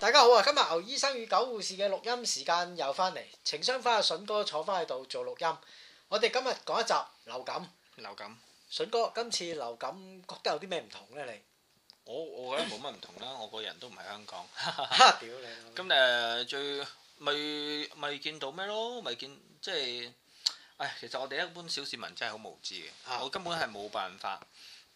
大家好啊！今日牛醫生與狗護士嘅錄音時間又翻嚟，情商翻阿筍哥坐翻喺度做錄音。我哋今日講一集流感。流感。錦筍哥，今次流感覺得有啲咩唔同呢？你？我我覺得冇乜唔同啦， 我個人都唔喺香港。屌你！咁誒、 呃、最咪咪見到咩咯？咪見即係，唉，其實我哋一般小市民真係好無知嘅， 我根本係冇辦法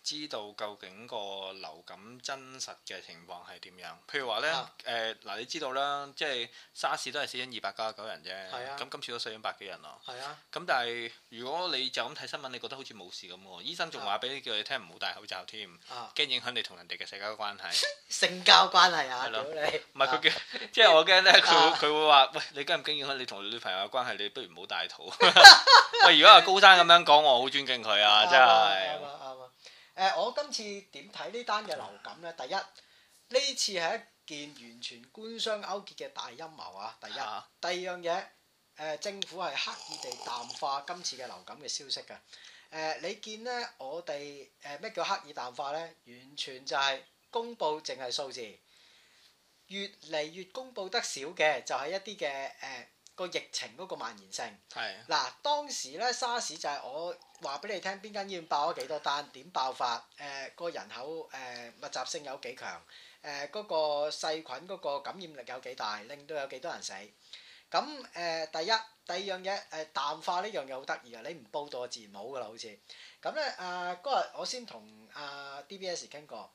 知道究竟個流感真實嘅情況係點樣？譬如話呢，誒嗱，你知道啦，即係沙士都係死咗二百九十九人啫。咁今次都死咗百幾人咯。咁但係如果你就咁睇新聞，你覺得好似冇事咁喎。醫生仲話俾你叫你聽唔好戴口罩添，驚影響你同人哋嘅社交關係。性交關係啊！屌你！係咯！唔係佢叫，即係我驚呢，佢佢會話喂，你驚唔驚影響你同你女朋友嘅關係？你不如唔好戴套。喂，如果阿高山咁樣講，我好尊敬佢啊！真係。誒、呃，我今次點睇呢單嘅流感咧？第一，呢次係一件完全官商勾結嘅大陰謀啊！第一，第二樣嘢，誒、呃，政府係刻意地淡化今次嘅流感嘅消息嘅、啊。誒、呃，你見咧，我哋誒咩叫刻意淡化咧？完全就係公佈淨係數字，越嚟越公佈得少嘅，就係一啲嘅誒。個疫情嗰個蔓延性，嗱的當時咧，沙士就係我話俾你聽，邊間醫院爆咗幾多單，點爆發，誒、呃、個人口誒、呃、密集性有幾強，誒、呃、嗰、那個細菌嗰個感染力有幾大，令到有幾多人死。咁誒、呃、第一第二樣嘢誒、呃、淡化呢樣嘢好得意啊！你唔報度報道我自然冇噶啦，好似咁咧。啊嗰日我先同啊、呃、DBS 傾過。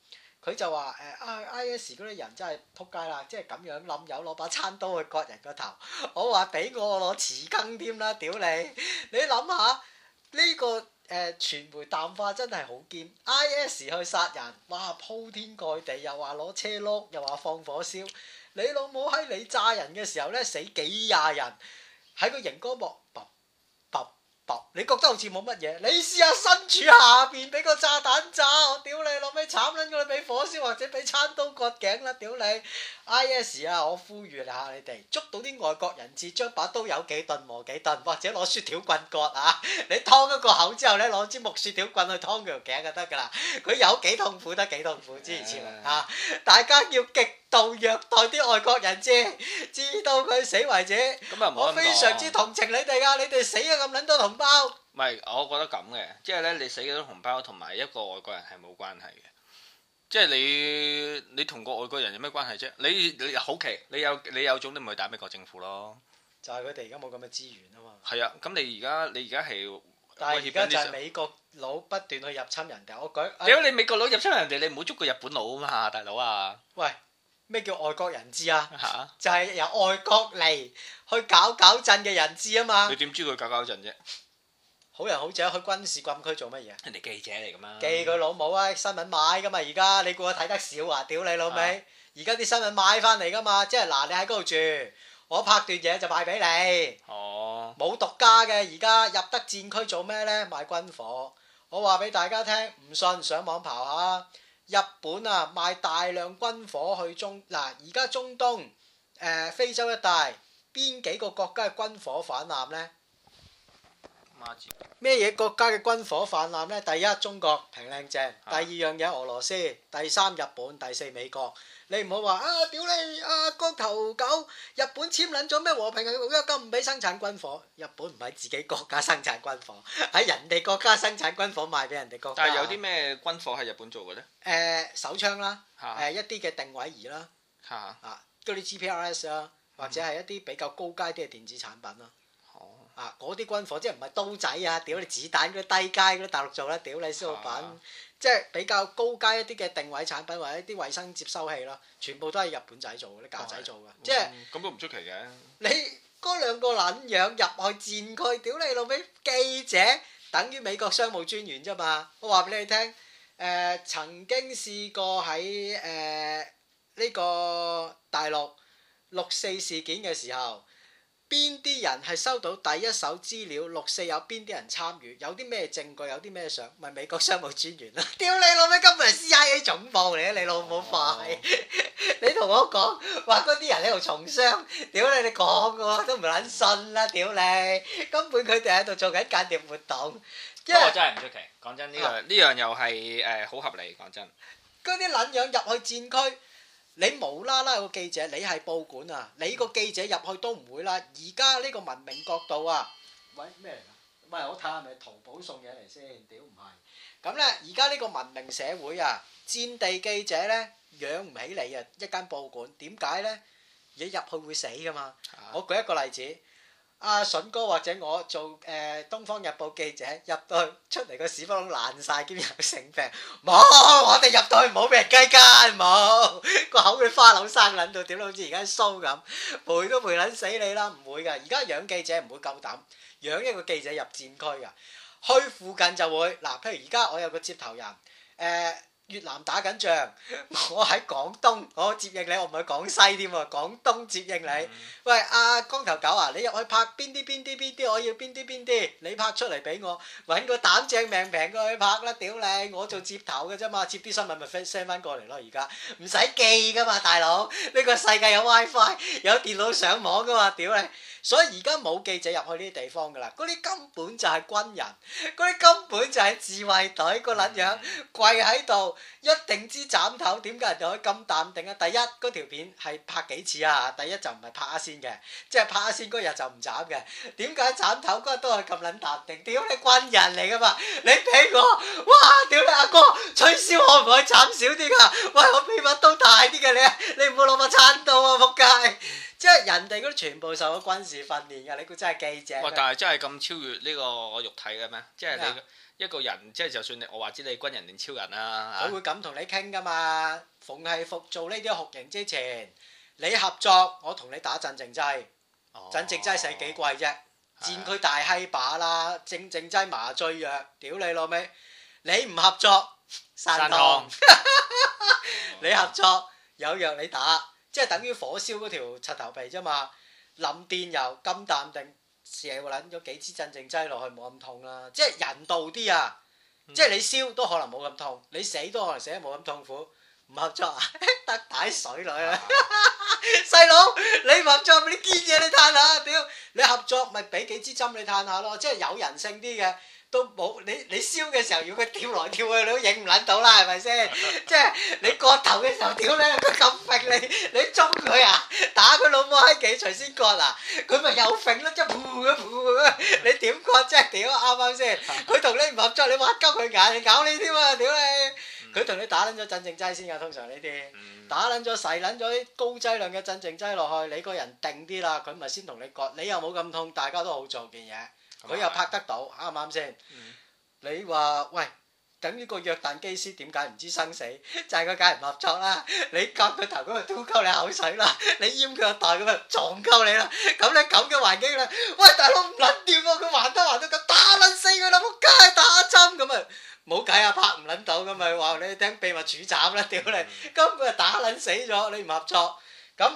佢就話誒啊，IS 嗰啲人真係仆街啦，即係咁樣諗有攞把餐刀去割人個頭，我話俾我攞匙羹添啦，屌你！你諗下呢個誒傳媒淡化真係好堅，IS 去殺人，哇鋪天蓋地，又話攞車轆，又話放火燒，你老母喺你炸人嘅時候咧死幾廿人，喺個熒光幕。你覺得好似冇乜嘢，你試下身處下邊俾個炸彈炸，我屌你，攞咩慘撚過你？俾火燒或者俾餐刀割頸啦，屌你！IS 啊，我呼籲下你哋，捉到啲外國人質，將把刀有幾頓磨幾頓，或者攞雪條棍割啊！你劏咗個口之後咧，你攞支木雪條棍去劏佢條頸就得噶啦，佢有幾痛苦得幾痛苦，之前 Yeah. 啊，大家要極。度虐待啲外國人啫，知道佢死為止。我非常之同情你哋啊！你哋死咗咁捻多同胞。唔係，我覺得咁嘅，即係咧，你死咗啲同胞同埋一個外國人係冇關係嘅。即係你你同個外國人有咩關係啫？你你好奇，你有你有種你咪打美國政府咯。就係佢哋而家冇咁嘅資源啊嘛。係啊，咁你而家你而家係，但係而家就係美國佬不斷去入侵人哋。我舉，哎，如果你美國佬入侵人哋，你唔好捉個日本佬啊嘛，大佬啊！喂。咩叫外國人質啊？就係由外國嚟去搞搞震嘅人質啊嘛！你點知佢搞搞震啫？好人好者去軍事禁區做乜嘢？人哋記者嚟噶嘛？記佢老母啊！新聞買噶嘛？而家你估我睇得少啊？屌你老味！而家啲新聞買翻嚟噶嘛？即係嗱、啊，你喺嗰度住，我拍段嘢就賣俾你。哦、啊。冇獨家嘅，而家入得戰區做咩咧？賣軍火。我話俾大家聽，唔信上網刨下、啊。日本啊賣大量軍火去中嗱，而、啊、家中東誒、呃、非洲一帶邊幾個國家嘅軍火氾濫咧？咩嘢國家嘅軍火泛濫咧？第一中國平靚正，的第二樣嘢俄羅斯，第三日本，第四美國。你唔好話啊，屌你啊光頭狗！日本簽捻咗咩和平啊？咁唔俾生產軍火，日本唔係自己國家生產軍火，喺人哋國家生產軍火賣俾人哋國家。但有啲咩軍火係日本做嘅咧？誒、呃，手槍啦，誒的、呃，一啲嘅定位儀啦，啊的，嗰啲 GPRS 啦，或者係一啲比較高階啲嘅電子產品啦。嗯嗯。啊！嗰啲軍火即係唔係刀仔啊？屌你子彈嗰啲、啊、低階嗰啲大陸做啦！屌你奢侈品，即係比較高階一啲嘅定位產品或者啲衞生接收器咯，全部都係日本仔做，啲架仔做嘅，啊、即係咁都唔出奇嘅、啊啊。你嗰兩個撚樣入去戰區，屌你老味記者，等於美國商務專員啫嘛！我話俾你聽，誒、呃、曾經試過喺誒呢個大陸六四事，事件嘅時候。邊啲人係收到第一手資料？六四有邊啲人參與？有啲咩證據？有啲咩相？咪美國商務專員啦！屌你老味，今日係 CIA 總部嚟嘅你老母快！你同我講話嗰啲人喺度從商，屌你！你講嘅都唔撚信啦！屌你！根本佢哋喺度做緊間諜活動。我真係唔出奇，講真呢個呢樣又係誒好合理講真。嗰啲撚樣入去戰區。你無啦啦有個記者，你係報館啊！你個記者入去都唔會啦。而家呢個文明角度啊，喂咩嚟㗎？唔係我睇下係咪淘寶送嘢嚟先？屌唔係。咁咧，而家呢個文明社會啊，戰地記者咧，養唔起你啊！一間報館點解咧？你入去會死㗎嘛？啊、我舉一個例子。阿筍哥或者我做誒《東方日報》記者，入到去出嚟個屎窟窿爛晒兼有性病，冇，我哋入到去冇俾人雞奸，冇個口嘅花柳生捻到點都好似而家騷咁，陪都陪撚死你啦！唔會㗎，而家養記者唔會夠膽養一個記者入戰區㗎，去附近就會嗱，譬如而家我有個接頭人誒。越南打緊仗，我喺廣東，我接應你，我唔係廣西添喎，廣東接應你。喂，阿光頭狗啊，你入去拍邊啲邊啲邊啲，我要邊啲邊啲，你拍出嚟俾我，揾個膽正命平過去拍啦，屌你，我做接頭嘅啫嘛，接啲新聞咪 send 翻過嚟咯而家，唔使記噶嘛大佬，呢個世界有 WiFi，有電腦上網噶嘛，屌你，所以而家冇記者入去呢啲地方噶啦，嗰啲根本就係軍人，嗰啲根本就係自衛隊個撚樣跪喺度。一定知斬頭點解人哋可以咁淡定啊？第一嗰條片係拍幾次啊？第一就唔係拍下先嘅，即係拍下先嗰日就唔斬嘅。點解斬頭嗰日都係咁撚淡定？屌你軍人嚟噶嘛？你俾我哇！屌你阿哥，取消可唔可以斬少啲㗎？喂，我俾把刀大啲嘅你，你唔好攞把餐刀啊！仆街。即係人哋嗰啲全部受咗軍事訓練㗎，你估真係記者？哇！但係真係咁超越呢個肉體嘅咩？即係你一個人，即係就算你，我話知你軍人定超人啦嚇。我會咁同你傾㗎嘛？逢係服做呢啲酷刑之前，你合作，我同你打鎮靜劑。鎮靜劑使幾貴啫？戰佢大閪把啦，靜靜劑麻醉藥，屌你老味！你唔合作，散湯。你合作，有藥你打。即係等於火燒嗰條柒頭皮啫嘛，淋電又咁淡定，射個卵咗幾支鎮靜劑落去冇咁痛啦，即係人道啲啊！即係、啊嗯、你燒都可能冇咁痛，你死都可能死得冇咁痛苦。唔合作啊，得 打，打水女去啦！細佬、啊， 你唔合作，你堅嘢你嘆下，屌！你合作咪俾幾支針你嘆下咯，即係有人性啲嘅。都冇你你燒嘅時候，要佢跳來跳去，你都影唔撚到啦，係咪先？ 即係你割頭嘅時候，屌你，佢咁揈你，你中佢啊？打佢老母喺幾錘先割嗱、啊？佢咪又揈咯，即係噗佢噗佢。你點割？即係屌啱啱先？佢同你唔合作，你挖鳩佢眼，你搞你添啊？屌你！佢同你打撚咗鎮靜劑先㗎，通常呢啲打撚咗、噬撚咗啲高劑量嘅鎮靜劑落去，你個人定啲啦，佢咪先同你割，你又冇咁痛，大家都好做件嘢。佢又拍得到啱唔啱先？你話喂，等於個約旦機師點解唔知生死？就係佢梗係唔合作啦！你夾佢頭咁啊，吐溝你口水啦！你淹佢個袋咁啊，撞溝你啦！咁咧咁嘅環境咧，喂大佬唔撚掂喎！佢還得還得咁打撚死佢啦！我梗係打針咁啊，冇計啊，拍唔撚到咁咪話你聽秘密處斬啦！屌你！根本就打撚死咗，你唔合作咁，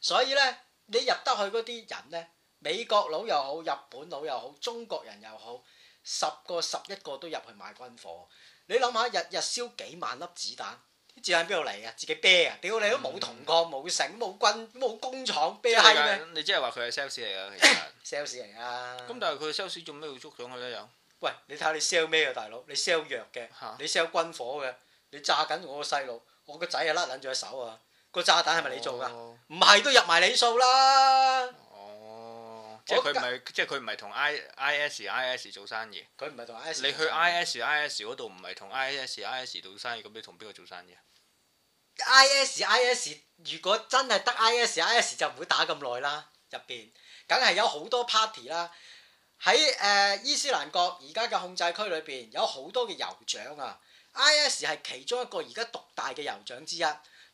所以咧，你入得去嗰啲人咧。美國佬又好，日本佬又好，中國人又好，十個十一個都入去買軍火。你諗下，日日燒幾萬粒子彈，啲子彈邊度嚟啊？自己啤啊！屌你都冇銅礦，冇城、嗯，冇軍，冇工廠啤閪咩？你即係話佢係 sales 嚟噶，其實。sales 嚟啊！咁但係佢 sales 做咩要捉上嘅咧？又，喂，你睇下你 sell 咩啊，大佬？你 sell 藥嘅，哈你 sell 軍火嘅，你炸緊我個細路，我個仔啊甩捻住隻手啊！個炸彈係咪你做㗎？唔係都入埋你數啦！即係佢唔係，哦、即係佢唔係同 I I S I S 做生意。佢唔係同 I S。你去 I S I S 嗰度唔係同 I S I S 做生意，咁你同邊個做生意啊？I S I、嗯、S, I S IS, IS, 如果真係得 I S I S 就唔會打咁耐啦。入邊梗係有好多 party 啦。喺誒、呃、伊斯蘭國而家嘅控制區裏邊有好多嘅酋長啊。I S 係其中一個而家獨大嘅酋長之一，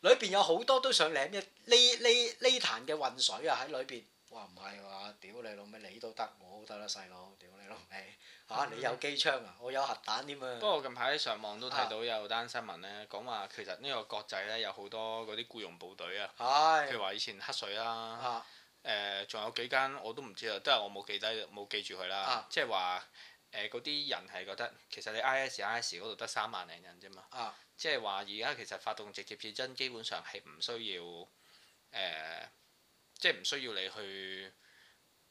裏邊有好多都想攬一呢呢呢壇嘅渾水啊喺裏邊。我唔係話，屌你老味，你都得，我得啦細佬，屌你老味嚇！你有機槍啊，我有核彈點啊？不過近排上網都睇到有單新聞咧，講話其實呢個國際咧有好多嗰啲僱傭部隊啊，的譬如話以前黑水、啊啊呃、啦，誒仲有幾間我都唔知啊，都係我冇記低冇記住佢啦，即係話誒嗰啲人係覺得其實你 I S I、啊、S 嗰度得三萬零人啫嘛，即係話而家其實發動直接戰爭基本上係唔需要誒。呃即係唔需要你去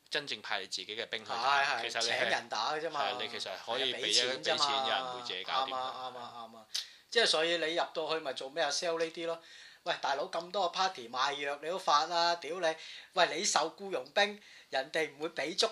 真正派你自己嘅兵去打，其實你請人打嘅啫嘛。係你其實可以俾錢，俾錢有人會自己搞掂。啱啊，啱啱即係所以你入到去咪做咩啊？sell 呢啲咯。喂，大佬咁多個 party 賣藥你都發啦，屌你！喂，你受僱傭兵，人哋唔會俾足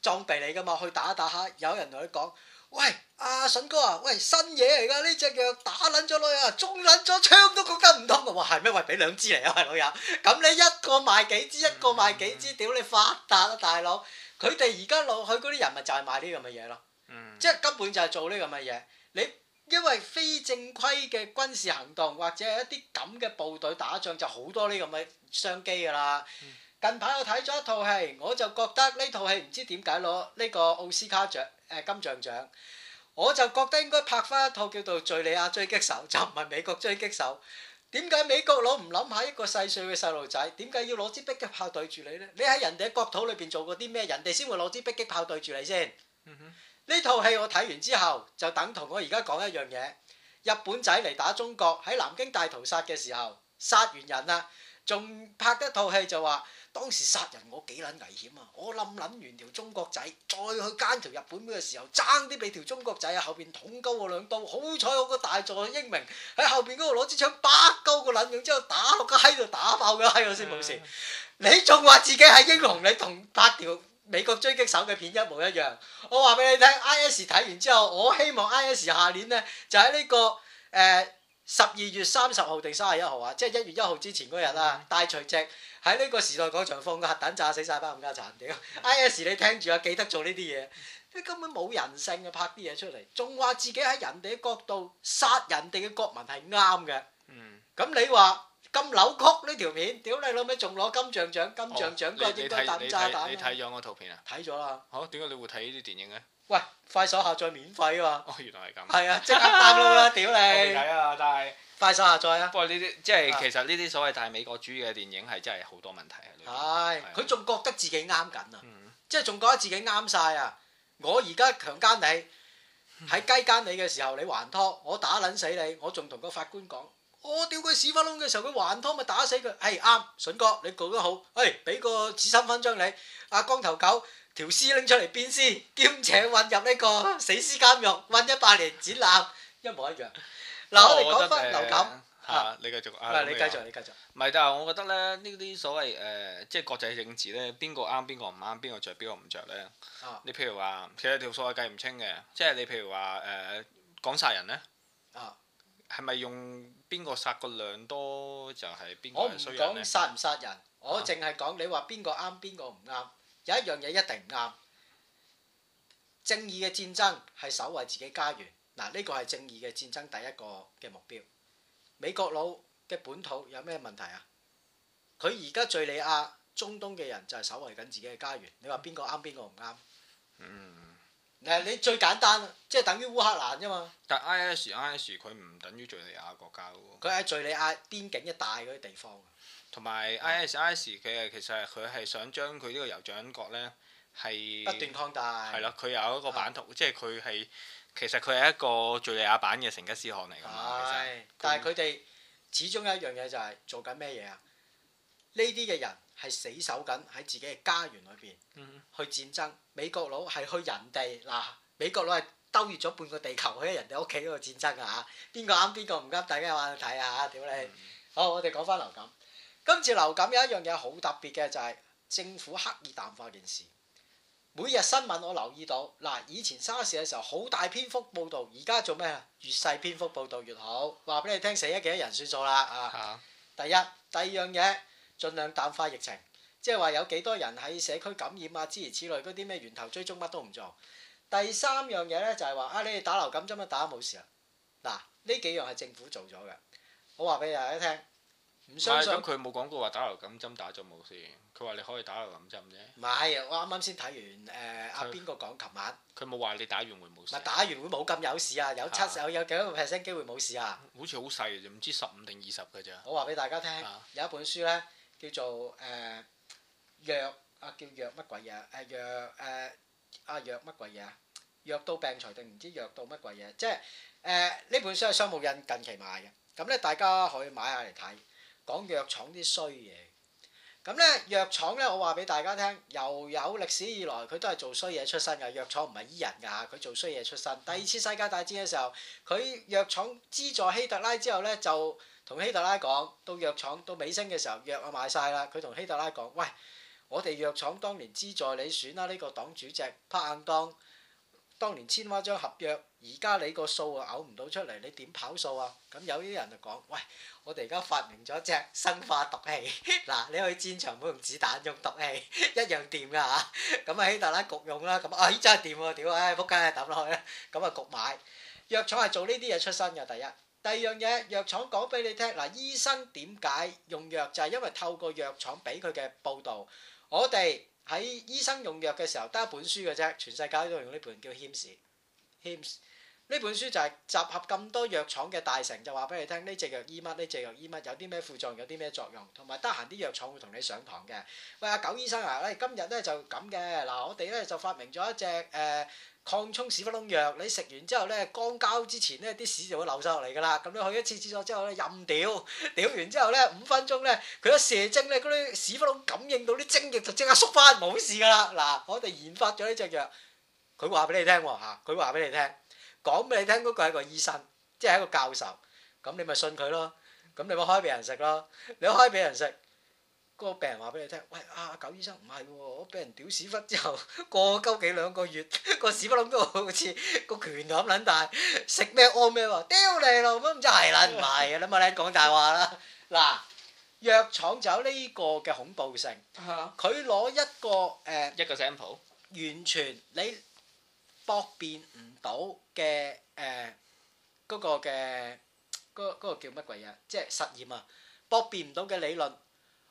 裝備你噶嘛？去打一打下，有人同你講。喂，阿、啊、筍哥啊！喂，新嘢嚟㗎呢隻腳打撚咗女啊，中撚咗槍都覺得唔通嘅話係咩？喂，俾兩支嚟啊，喂老友，咁你一個賣幾支，嗯、一個賣幾支，屌你發達啊大佬！佢哋而家落去嗰啲人咪就係賣呢咁嘅嘢咯，嗯、即係根本就係做呢咁嘅嘢。你因為非正規嘅軍事行動或者係一啲咁嘅部隊打仗，就好多呢咁嘅商機㗎啦。嗯、近排我睇咗一套戲，我就覺得呢套戲唔知點解攞呢個奧斯卡獎。誒金像獎，我就覺得應該拍翻一套叫做《敘利亞狙擊手》，就唔係美國狙擊手。點解美國佬唔諗下一個細歲嘅細路仔？點解要攞支迫擊炮對住你呢？你喺人哋國土裏邊做過啲咩？人哋先會攞支迫擊炮對住你先。呢套、嗯、哼戲我睇完之後，就等同我而家講一樣嘢。日本仔嚟打中國，喺南京大屠殺嘅時候殺完人啦，仲拍一套戲就話。當時殺人我幾撚危險啊！我冧冧完條中國仔，再去奸條日本妹嘅時候，爭啲俾條中國仔喺後邊捅高我兩刀。好彩我個大佐英明喺後邊嗰度攞支槍，巴高個撚，然之後打落個閪度，打爆個閪我先冇事。你仲話自己係英雄？你同八條美國狙擊手嘅片一模一樣。我話俾你聽，I.S. 睇完之後，我希望 I.S. 下年咧就喺呢、這個誒。呃十二月三十號定三十一號啊，即係一月一號之前嗰日啊，戴隨即喺呢個時代廣場放個核彈炸死晒班冚家鏟，屌！I S, IS 你聽住啊，記得做呢啲嘢，你根本冇人性嘅。拍啲嘢出嚟，仲話自己喺人哋嘅角度殺人哋嘅國民係啱嘅。嗯，咁你話咁扭曲呢條片，屌你老味，仲攞金像獎，金像獎個、哦、應該打炸彈。你睇咗我圖片啊？睇咗啦。好、哦，點解你會睇呢啲電影呢？喂，快手下載免費喎！哦，原來係咁。係啊，即刻 down 咯，屌 你！我未睇啊，但係快手下載啊。不過呢啲即係其實呢啲所謂大美國主義嘅電影係真係好多問題是啊！係，佢仲覺得自己啱緊啊！即係仲覺得自己啱晒啊！嗯、我而家強奸你，喺雞奸你嘅時候你還拖，我打撚死你！我仲同個法官講：我屌佢屎忽窿嘅時候佢還拖咪打死佢！係啱，筍哥你講得好！哎，俾個紫心分章你，阿、啊、光頭狗。條屍拎出嚟鞭屍，兼且混入呢個死屍監獄混一百年展覽，一模一樣。嗱，我哋講翻流感。係，你繼續。唔係你繼續，你繼續。唔係，但係我覺得咧，呢啲所謂誒，即係國際政治咧，邊個啱，邊個唔啱，邊個着，邊個唔着咧？你譬如話，其實條數係計唔清嘅，即係你譬如話誒，講殺人咧，啊，係咪用邊個殺個量多就係邊個？我唔講殺唔殺人，我淨係講你話邊個啱，邊個唔啱。有一樣嘢一定唔啱，正義嘅戰爭係守衞自己家園，嗱，呢個係正義嘅戰爭第一個嘅目標。美國佬嘅本土有咩問題啊？佢而家敍利亞、中東嘅人就係守衞緊自己嘅家園，你話邊個啱，邊個唔啱？嗯。你最簡單，即係等於烏克蘭啫嘛。但 IS IS 佢唔等於敍利亞國家噶喎。佢喺敍利亞邊境一帶嗰啲地方。同埋 IS IS 嘅其實佢係想將佢呢個酋長國咧係不斷擴大。係啦，佢有一個版圖，的即係佢係其實佢係一個敍利亞版嘅成吉思汗嚟㗎嘛。係的，其實但係佢哋始終有一樣嘢就係做緊咩嘢啊？呢啲嘅人。係死守緊喺自己嘅家園裏邊，嗯、去戰爭。美國佬係去人哋嗱，美國佬係兜越咗半個地球去人哋屋企嗰度戰爭噶嚇。邊個啱邊個唔啱？大家望下睇下。屌你！嗯、好，我哋講翻流感。今次流感有一樣嘢好特別嘅就係、是、政府刻意淡化件事。每日新聞我留意到，嗱，以前沙士嘅時候好大篇幅報導，而家做咩啊？越細篇幅報導越好。話俾你聽死咗幾多人算數啦啊！第一、第二樣嘢。.盡量淡化疫情，即係話有幾多人喺社區感染啊，諸如此類嗰啲咩源頭追蹤乜都唔做。第三樣嘢咧就係話啊，你哋打流感針都打冇事啊。嗱，呢幾樣係政府做咗嘅。我話俾大家聽，唔相信。佢冇講過話打流感針打咗冇事，佢話你可以打流感針啫。唔係，我啱啱先睇完誒阿邊個講，琴、呃、他晚佢冇話你打完會冇事、啊。唔打完會冇咁有，有事啊，有七十的有有幾多 percent 機會冇事啊？好似好細嘅，唔知十五定二十嘅啫。我話俾大家聽，的有一本書咧。嗯叫做誒藥啊，叫藥乜鬼嘢？誒藥誒啊藥乜鬼嘢啊？藥到病除定唔知藥到乜鬼嘢？即係誒呢本書係商務印近期買嘅，咁咧大家可以買下嚟睇，講藥廠啲衰嘢。咁咧藥廠咧，我話俾大家聽，又有歷史以來佢都係做衰嘢出身嘅，藥廠唔係醫人㗎，佢做衰嘢出身。第二次世界大戰嘅時候，佢藥廠資助希特拉之後咧就。同希特拉講，到藥廠到尾聲嘅時候，藥啊賣曬啦。佢同希特拉講：，喂，我哋藥廠當年資助你選啦呢個黨主席，拍硬檔。當年簽咗張合約，而家你個數啊嘔唔到出嚟，你點跑數啊？咁有啲人就講：，喂，我哋而家發明咗隻生化毒氣，嗱，你去戰場唔好用子彈，用毒氣一樣掂㗎嚇。咁啊希特拉焗用啦，咁啊真係掂喎，屌啊，仆街，抌落去啦。咁啊焗買，藥廠係做呢啲嘢出身嘅第一。第二樣嘢，藥廠講俾你聽，嗱，醫生點解用藥就係因為透過藥廠俾佢嘅報道。我哋喺醫生用藥嘅時候得一本書嘅啫，全世界都用呢本叫 Hims，Hims 呢本書就係集合咁多藥廠嘅大成就話俾你聽，呢隻藥醫乜，呢隻藥醫乜，有啲咩副作用，有啲咩作用，同埋得閒啲藥廠會同你上堂嘅。喂，阿狗醫生啊，誒，今日咧就咁嘅，嗱，我哋咧就發明咗一隻誒。抗充屎忽窿藥，你食完之後咧，肛交之前咧，啲屎，屎就會流晒落嚟㗎啦。咁你去一次廁所之後咧，任屌，屌完之後咧，五分鐘咧，佢一射精咧，嗰啲屎忽窿感應到啲精液就，就即刻縮翻，冇事㗎啦。嗱，我哋研發咗呢隻藥，佢話俾你聽喎嚇，佢話俾你聽，講俾你聽嗰個係個醫生，即係一個教授，咁你咪信佢咯，咁你咪開俾人食咯，你開俾人食。個病人話俾你聽，喂啊！狗醫生唔係喎，我俾人屌屎忽之後，過鳩幾兩個月，個屎忽窿都好似個拳頭咁撚大，食咩屙咩喎？屌你老母！真係啦，唔係啊啦嘛咧，諗下你講大話啦。嗱，藥廠就有呢個嘅恐怖性，佢攞一個誒，一個 sample，完全你駁辯唔到嘅誒嗰個嘅嗰嗰個叫乜鬼嘢？即係實驗啊！駁辯唔到嘅理論。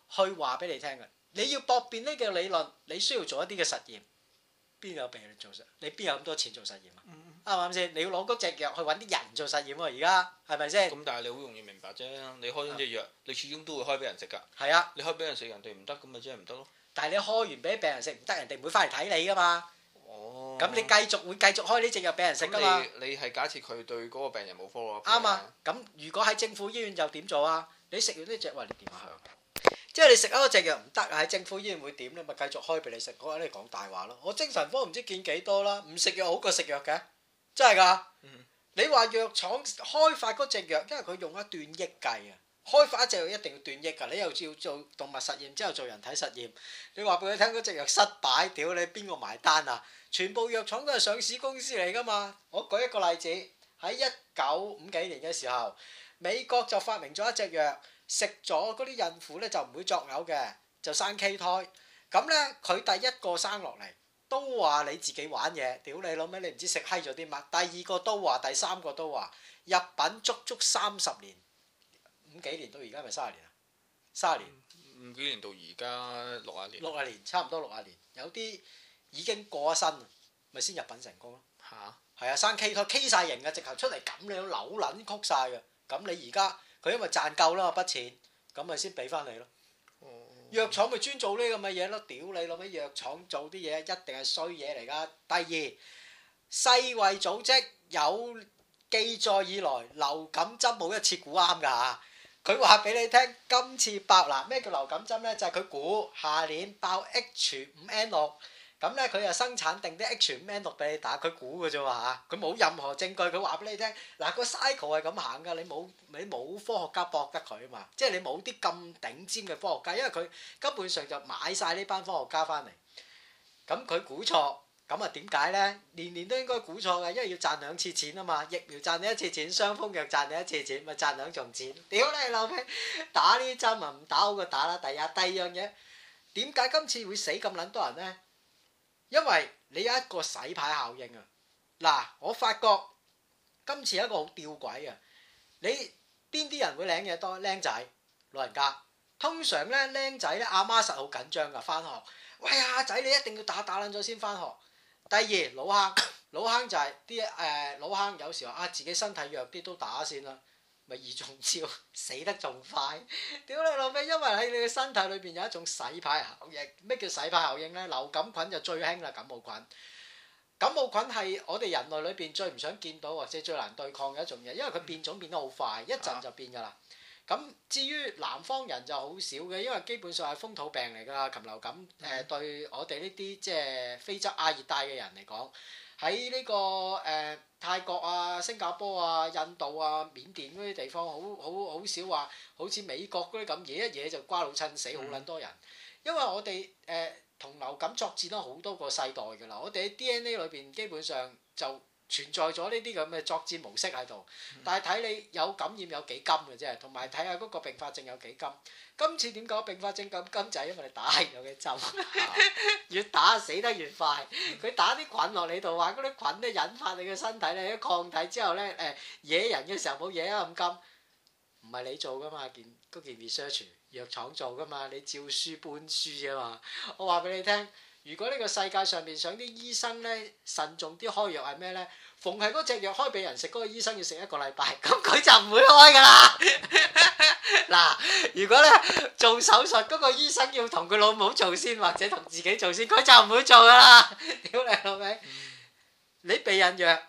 去話俾你聽嘅，你要駁辯呢個理論，你需要做一啲嘅實驗。邊有病人做實？你邊有咁多錢做實驗啊？啱唔啱先？你要攞嗰隻藥去揾啲人做實驗喎。而家係咪先？咁但係你好容易明白啫。你開咗隻藥，你始終都會開俾人食噶。係啊，你開俾人食，人哋唔得咁咪即係唔得咯。但係你開完俾病人食唔得，人哋唔會翻嚟睇你噶嘛。哦。咁你繼續會繼續開呢隻藥俾人食㗎嘛？你係假設佢對嗰個病人冇科學。啱啊！咁如果喺政府醫院又點做啊？你食完呢隻藥你點？即係你食嗰隻藥唔得，喺政府醫院會點咧？咪繼續開俾你食。我喺度講大話咯。我精神科唔知見幾多啦，唔食藥好過食藥嘅，真係㗎。嗯、你話藥廠開發嗰隻藥，因為佢用一段億計啊，開發一隻藥一定要段益㗎。你又要做動物實驗，之後做人體實驗。你話俾佢聽，嗰隻藥失敗，屌你邊個埋單啊？全部藥廠都係上市公司嚟㗎嘛。我舉一個例子，喺一九五幾年嘅時候，美國就發明咗一隻藥。食咗嗰啲孕婦咧就唔會作嘔嘅，就生畸胎。咁咧佢第一個生落嚟都話你自己玩嘢，屌你老咩！你唔知食閪咗啲乜？第二個都話，第三個都話，入品足足三十年，五幾年到而家係咪卅年啊，卅年。五幾年到而家六啊年。六啊年差唔多六啊年，有啲已經過咗身啊，咪先入品成功咯。嚇！係啊，生畸胎畸曬型嘅，直頭出嚟咁樣扭撚曲曬嘅。咁你而家？佢因為賺夠啦筆錢，咁咪先俾翻你咯。藥廠咪專做呢啲咁嘅嘢咯，屌你老味！藥廠做啲嘢一定係衰嘢嚟噶。第二，世衞組織有記載以來，流感針冇一次估啱噶嚇。佢話俾你聽，今次爆嗱咩叫流感針咧？就係佢估下年爆 H5N6。咁咧，佢又生產定啲 H5N6 俾你打，佢估嘅啫喎嚇，佢冇任何證據，佢話俾你聽嗱個 cycle 係咁行噶，你冇你冇科學家駁得佢啊嘛，即係你冇啲咁頂尖嘅科學家，因為佢根本上就買曬呢班科學家翻嚟。咁佢估錯，咁啊點解咧？年年都應該估錯嘅，因為要賺兩次錢啊嘛。疫苗賺你一次錢，傷風藥賺你一次錢，咪賺兩重錢。屌你老味，打呢啲針啊唔打好過打啦。第二第二樣嘢，點解今次會死咁撚多人咧？因為你有一個洗牌效應啊！嗱，我發覺今次一個好吊詭啊。你邊啲人會領嘢多？僆仔、老人家，通常咧僆仔阿媽實好緊張噶，翻學，喂，阿仔你一定要打打爛咗先翻學。第二，老坑老坑就係啲誒老坑有時候啊自己身體弱啲都打先啦。咪易中招， 死得仲更快。屌你老味，因為喺你嘅身體裏邊有一種洗牌效應。咩叫洗牌效應咧？流感菌就最輕啦，感冒菌。感冒菌係我哋人類裏邊最唔想見到或者最難對抗嘅一種嘢，因為佢變種變得好快，嗯、一陣就變㗎啦。咁、啊、至於南方人就好少嘅，因為基本上係風土病嚟㗎啦。禽流感誒、嗯呃、對我哋呢啲即係非洲亞熱帶嘅人嚟講。喺呢、這個誒、呃、泰國啊、新加坡啊、印度啊、緬甸嗰、啊、啲地方，好好好少話，好似美國嗰啲咁，惹一惹就瓜老襯死，好撚多人。嗯、因為我哋誒同流感作戰都好多個世代㗎啦，我哋喺 DNA 裏邊基本上就。存在咗呢啲咁嘅作戰模式喺度，嗯、但係睇你有感染有幾金嘅啫，同埋睇下嗰個併發症有幾金。今次點解併發症咁金就係、是、因為你打完嘅針， 越打死得越快。佢、嗯、打啲菌落你度話，嗰啲菌咧引發你嘅身體咧啲抗體之後咧誒、呃、惹人嘅時候冇惹得咁金，唔係你做噶嘛件，嗰件 research 藥廠做噶嘛，你照書搬書啫嘛。我話俾你聽。如果呢個世界上面想啲醫生咧慎重啲開藥係咩咧？逢係嗰隻藥開俾人食，嗰個醫生要食一個禮拜，咁佢就唔會開㗎啦。嗱， 如果咧做手術，嗰個醫生要同佢老母做先，或者同自己做先，佢就唔會做㗎啦。屌 你老味，你避孕藥。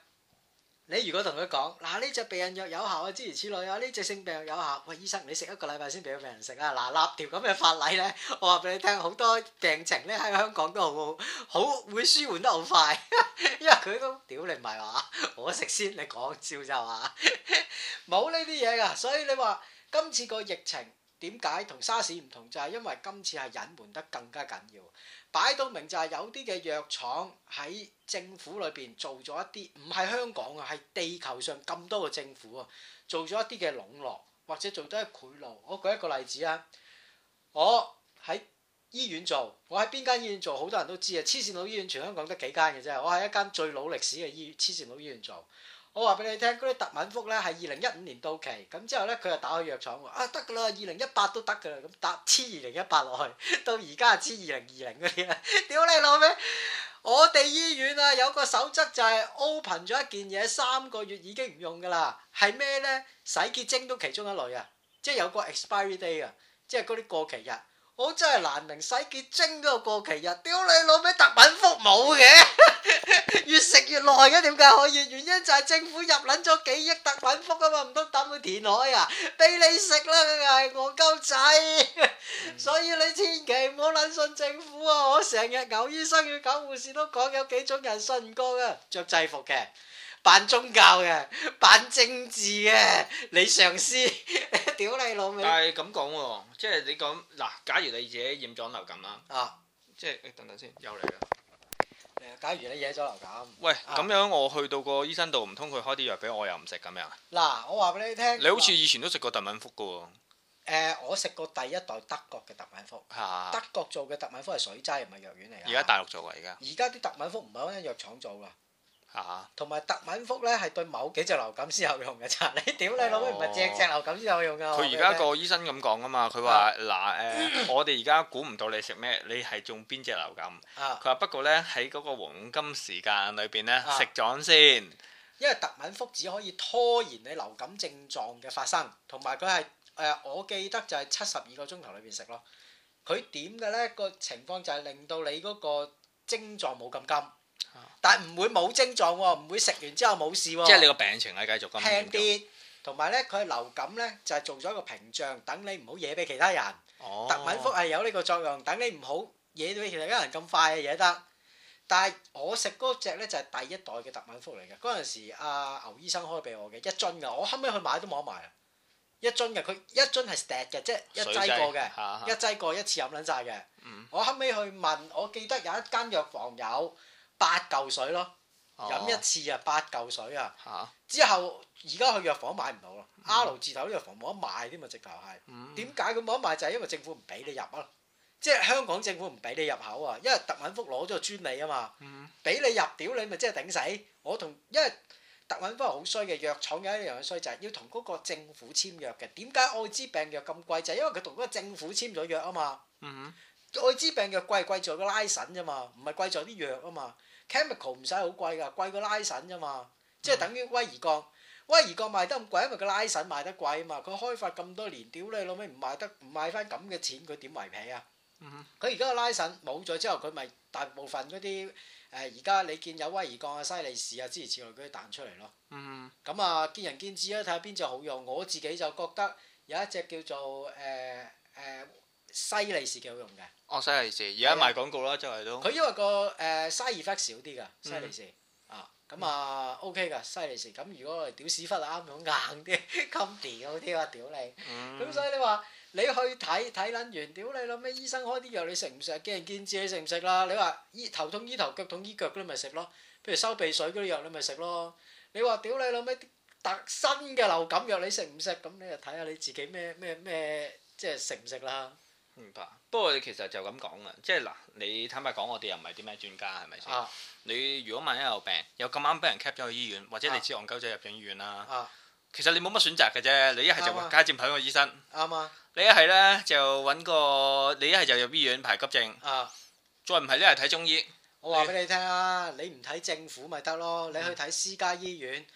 你如果同佢講，嗱呢隻避孕藥有效啊，諸如此類啊，呢隻性病藥有效。喂，醫生，你食一個禮拜先俾個病人食啊，嗱，立條咁嘅法例咧，我話俾你聽，好多病情咧喺香港都好好，好會舒緩得好快， 因為佢都屌你唔係話我食先，你講笑就話，冇呢啲嘢噶。所以你話今次個疫情點解同沙士唔同，就係、是、因為今次係隱瞞得更加緊要。擺到明就係有啲嘅藥廠喺政府裏邊做咗一啲，唔係香港啊，係地球上咁多嘅政府啊，做咗一啲嘅籠絡或者做咗一啲賄賂。我舉一個例子啊，我醫院做，我喺邊間醫院做，好多人都知啊。黐線佬醫院，全香港得幾間嘅啫。我喺一間最老歷史嘅醫院，黐線佬醫院做。我話俾你聽，嗰啲特敏福咧係二零一五年到期，咁之後咧佢就打去藥廠喎。啊，得㗎啦，二零一八都得㗎啦，咁搭黐二零一八落去，到而家黐二零二零嗰啲啊，屌你老味！我哋醫院啊有個守則就係 open 咗一件嘢三個月已經唔用㗎啦，係咩咧？洗潔精都其中一類啊，即係有個 expiry day 啊，即係嗰啲過期日。我真係難明，洗潔精嗰個過期日，屌你老味！特品福冇嘅，越食越耐嘅，點解可以？原因就係政府入撚咗幾億特品福啊嘛，唔通抌去填海啊？俾你食啦，佢係我鳩仔，所以你千祈唔好撚信政府啊！我成日牛醫生與狗護士都講，有幾種人信唔過嘅，著制服嘅。扮宗教嘅，扮政治嘅，你上司，屌你老味！但係咁講喎，即係你講嗱，假如你自己染咗流感啦，啊，即係等等先，又嚟啦。誒，假如你惹咗流感，喂，咁樣我去到個醫生度，唔通佢開啲藥俾我，又唔食咁樣？嗱，我話俾你聽，你好似以前都食過特敏福嘅喎。誒，我食過第一代德國嘅特敏福，德國做嘅特敏福係水劑，唔係藥丸嚟。而家大陸做嘅，而家。而家啲特敏福唔係嗰間藥廠做㗎。啊！同埋特敏福咧，係對某幾隻流感先有用嘅，查 你屌你、哦、老味，唔係隻隻流感先有用噶。佢而家個醫生咁講啊嘛，佢話嗱誒，我哋而家估唔到你食咩，你係中邊隻流感？佢話、啊、不過咧，喺嗰個黃金時間裏邊咧，食咗、啊、先。因為特敏福只可以拖延你流感症狀嘅發生，同埋佢係誒，我記得就係七十二個鐘頭裏邊食咯。佢點嘅咧、嗰個情況就係令到你嗰個症狀冇咁急。但唔會冇症狀喎，唔會食完之後冇事喎。即係你個病情係繼續輕啲，同埋咧佢流感咧就係做咗一個屏障，等你唔好惹俾其他人。哦，特敏福係有呢個作用，等你唔好惹俾其他人咁快嘅惹得。但係我食嗰隻咧就係第一代嘅特敏福嚟嘅，嗰陣時阿牛醫生開俾我嘅一樽嘅，我後尾去買都冇得賣啦。一樽嘅佢一樽係石嘅，即係一劑過嘅，一劑過一次飲撚曬嘅。我後尾去問，我記得有一間藥房有。八嚿水咯，飲、哦、一次啊，八嚿水啊。啊之後而家去藥房買唔到咯，R 字頭啲藥房冇得賣添嘛，直頭係。點解佢冇得賣就係、是、因為政府唔俾你入啊，即係香港政府唔俾你入口啊，因為特敏福攞咗個專利啊嘛。俾、嗯、你入屌你咪即係頂死。我同因為特敏福係好衰嘅，藥廠有一樣衰就係、是、要同嗰個政府簽約嘅。點解艾滋病藥咁貴就係、是、因為佢同嗰個政府簽咗約啊嘛。艾滋病藥貴貴在個拉臣啫嘛，唔係貴在啲藥啊嘛。chemical 唔使好貴㗎，貴過拉神啫嘛，mm hmm. 即係等於威而鋼，威而鋼賣得咁貴，因為個拉神賣得貴啊嘛，佢開發咁多年，屌你老味唔賣得，唔賣翻咁嘅錢，佢點維皮啊？佢而家個拉神冇咗之後，佢咪大部分嗰啲誒而家你見有威而鋼啊、西利士啊之如此類嗰啲彈出嚟咯。嗯、mm。咁、hmm. 啊，見仁見智啊，睇下邊隻好用。我自己就覺得有一隻叫做誒誒。呃呃呃呃西利士幾好用嘅？哦，西利士而家賣廣告啦，周圍都。佢因為個誒 side effect 少啲㗎，西利士啊咁啊 OK 㗎，西利士咁如果我哋屌屎忽啊啱用硬啲，咁屌好啲啊屌你，咁所以你話你去睇睇撚完屌你老味醫生開啲藥你食唔食？見仁見智你食唔食啦？你話醫頭痛醫頭腳痛醫腳嗰啲咪食咯？譬如收鼻水嗰啲藥你咪食咯。你話屌你老味特新嘅流感藥你食唔食？咁你就睇下你自己咩咩咩，即係食唔食啦？不過其實就咁講啊，即係嗱，你坦白講，我哋又唔係啲咩專家，係咪先？啊、你如果萬一有病，又咁啱俾人 cap 咗去醫院，或者你知憨鳩仔入咗醫院啦，啊啊、其實你冇乜選擇嘅啫，你一係就揾家接睇個醫生，啱啊，啊啊你一係呢，就揾個，你一係就入醫院排急症，啊，再唔係咧就睇中醫。我話俾你聽啊，你唔睇政府咪得咯，你去睇私家醫院，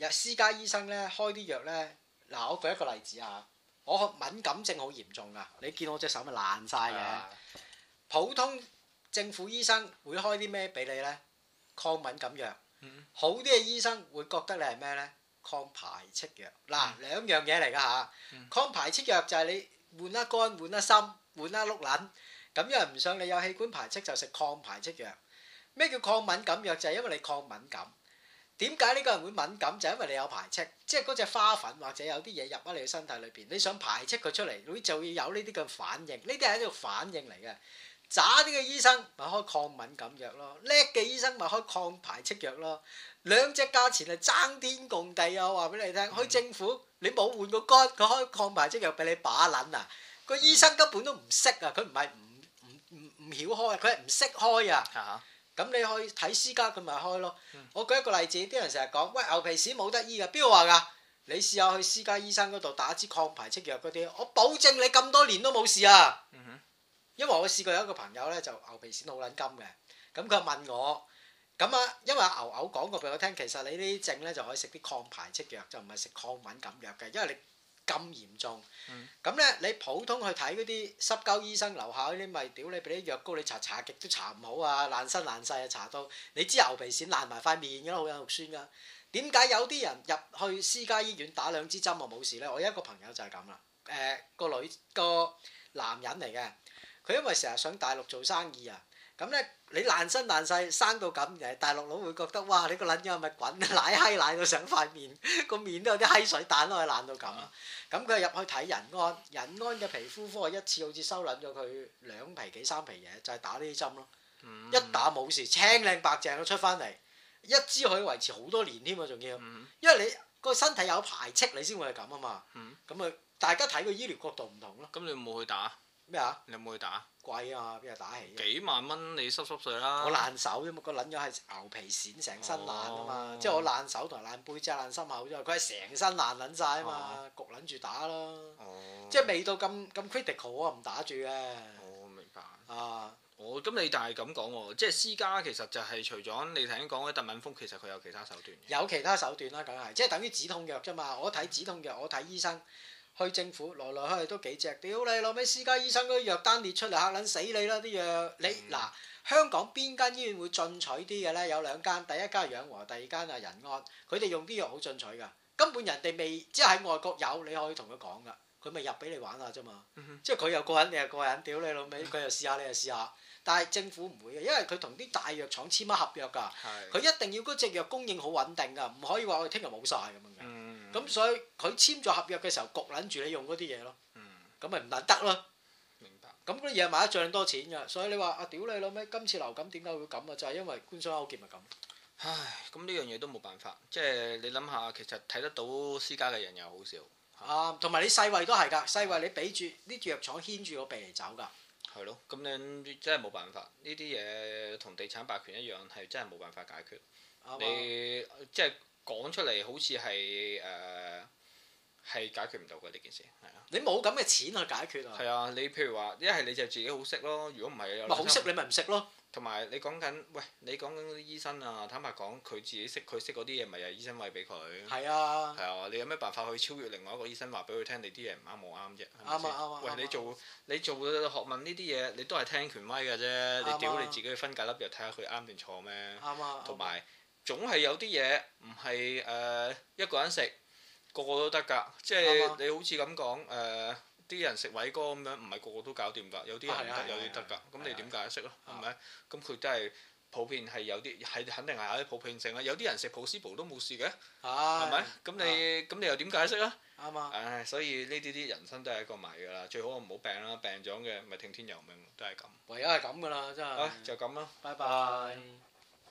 嗯、私家醫生呢，開啲藥呢。嗱，我舉一個例子啊。我敏感症好嚴重㗎，你見我隻手咪爛晒嘅。啊、普通政府醫生會開啲咩俾你呢？抗敏感藥。嗯、好啲嘅醫生會覺得你係咩呢？抗排斥藥。嗱，兩樣嘢嚟㗎吓。嗯、抗排斥藥就係你換一肝、換一心、換一碌撚，咁因為唔想你有器官排斥就食抗排斥藥。咩叫抗敏感藥？就係、是、因為你抗敏感。點解呢個人會敏感？就係、因為你有排斥，即係嗰隻花粉或者有啲嘢入喺你嘅身體裏邊，你想排斥佢出嚟，會就會有呢啲嘅反應。呢啲係一個反應嚟嘅。渣啲嘅醫生咪開抗敏感藥咯，叻嘅醫生咪開抗排斥藥咯。兩隻價錢係爭天共地啊！我話俾你聽，去政府你冇換過肝，佢開抗排斥藥俾你把撚啊！個、嗯、醫生根本都唔識啊，佢唔係唔唔唔唔曉開，佢係唔識開啊。嗯咁你可以睇私家佢咪開咯，嗯、我舉一個例子，啲人成日講，喂，牛皮癬冇得醫噶，邊個話噶？你試下去私家醫生嗰度打支抗排斥藥嗰啲，我保證你咁多年都冇事啊！嗯、哼因為我試過有一個朋友咧就牛皮癬好捻金嘅，咁、嗯、佢問我，咁啊，因為牛牛講過俾我聽，其實你呢啲症咧就可以食啲抗排斥藥，就唔係食抗敏感藥嘅，因為你。咁嚴重，咁咧、嗯、你普通去睇嗰啲濕鳩醫生，樓下嗰啲咪屌你俾啲藥膏你搽，搽極都搽唔好啊，爛身爛世啊，搽到你支牛皮癬爛埋塊面噶啦，好有肉酸噶，點解有啲人入去私家醫院打兩支針就冇事咧？我一個朋友就係咁啦，誒、呃、個女個男人嚟嘅，佢因為成日上大陸做生意啊。咁咧，你爛身爛世，生到咁，誒大陸佬會覺得，哇！你個撚樣係咪滾瀨閪瀨到上塊面，個 面都有啲閪水彈咯，係爛到咁。咁佢入去睇仁安，仁安嘅皮膚科一次好似收撚咗佢兩皮幾三皮嘢，就係、是、打呢啲針咯。嗯嗯一打冇事，青靚白淨咯，出翻嚟。一支可以維持好多年添啊，仲要，嗯、因為你個身體有排斥，你先會係咁啊嘛。咁啊、嗯，嗯、大家睇個醫療角度唔同咯。咁你冇去打咩啊？你冇去打。貴啊嘛，邊度打起、啊？幾萬蚊你濕濕碎啦、啊！我爛手啫嘛，個撚咗係牛皮癬成身爛啊嘛，哦、即係我爛手同爛背即係爛心口啫，佢係成身爛撚晒啊嘛，啊焗撚住打咯。哦、即係未到咁咁 critical，我唔打住嘅。我、哦、明白。啊，哦、啊。哦，咁你但係咁講喎，即係私家其實就係除咗你頭先講嘅個鄧敏峰，其實佢有其他手段。有其他手段啦、啊，梗係，即係等於止痛藥啫嘛。我睇止痛藥，我睇醫生。去政府來來去去都幾隻，屌你老味！私家醫生嗰啲藥單列出嚟嚇撚死你啦啲藥！你嗱、嗯、香港邊間醫院會進取啲嘅咧？有兩間，第一間係養和，第二間係仁安，佢哋用啲藥好進取㗎。根本人哋未即係喺外國有，你可以同佢講㗎，佢咪入俾你玩下啫嘛。嗯、即係佢又過癮，你又過癮，屌你老味！佢又試下，你又試下。但係政府唔會嘅，因為佢同啲大藥廠簽乜合約㗎，佢的一定要嗰隻藥供應好穩定㗎，唔可以話我哋聽日冇晒咁樣嘅。咁、嗯、所以佢簽咗合約嘅時候，焗撚住你用嗰啲嘢咯，咁咪唔難得咯。明白。咁嗰啲嘢賣得仲多錢㗎，所以你話啊屌你老味，今次流感點解會咁啊？就係、是、因為官商勾結咪咁。唉，咁呢樣嘢都冇辦法，即係你諗下，其實睇得到私家嘅人又好少。啊，同埋你世衛都係㗎，世衛你俾住啲藥廠牽住個鼻嚟走㗎。係咯，咁樣真係冇辦法。呢啲嘢同地產霸權一樣，係真係冇辦法解決。嗯、你即係。講出嚟好似係誒係解決唔到嘅呢件事，係啊！你冇咁嘅錢去解決啊！係啊！你譬如話一係你就自己好識咯，如果唔係好識你咪唔識咯？同埋你講緊喂，你講緊啲醫生啊，坦白講佢自己識，佢識嗰啲嘢咪係醫生喂俾佢。係啊。係啊！你有咩辦法去超越另外一個醫生話俾佢聽？你啲嘢唔啱冇啱啫，啱啱、啊啊啊、喂，你做你做學問呢啲嘢，你都係聽權威嘅啫。你屌你自己分解粒藥，睇下佢啱定錯咩？啱啊！同埋、啊。總係有啲嘢唔係誒一個人食，個個都得㗎。即係你好似咁講誒，啲人食偉哥咁樣，唔係個個都搞掂㗎。有啲人唔得，有啲得㗎。咁你點解釋咯？係咪？咁佢都係普遍係有啲係肯定係有啲普遍性啦。有啲人食普斯布都冇事嘅，係咪？咁你咁你又點解釋啊？啱啊！唉，所以呢啲啲人生都係一個謎㗎啦。最好唔好病啦，病咗嘅咪聽天由命都係咁。唯有係咁㗎啦，真係。唉，就咁啦，拜拜。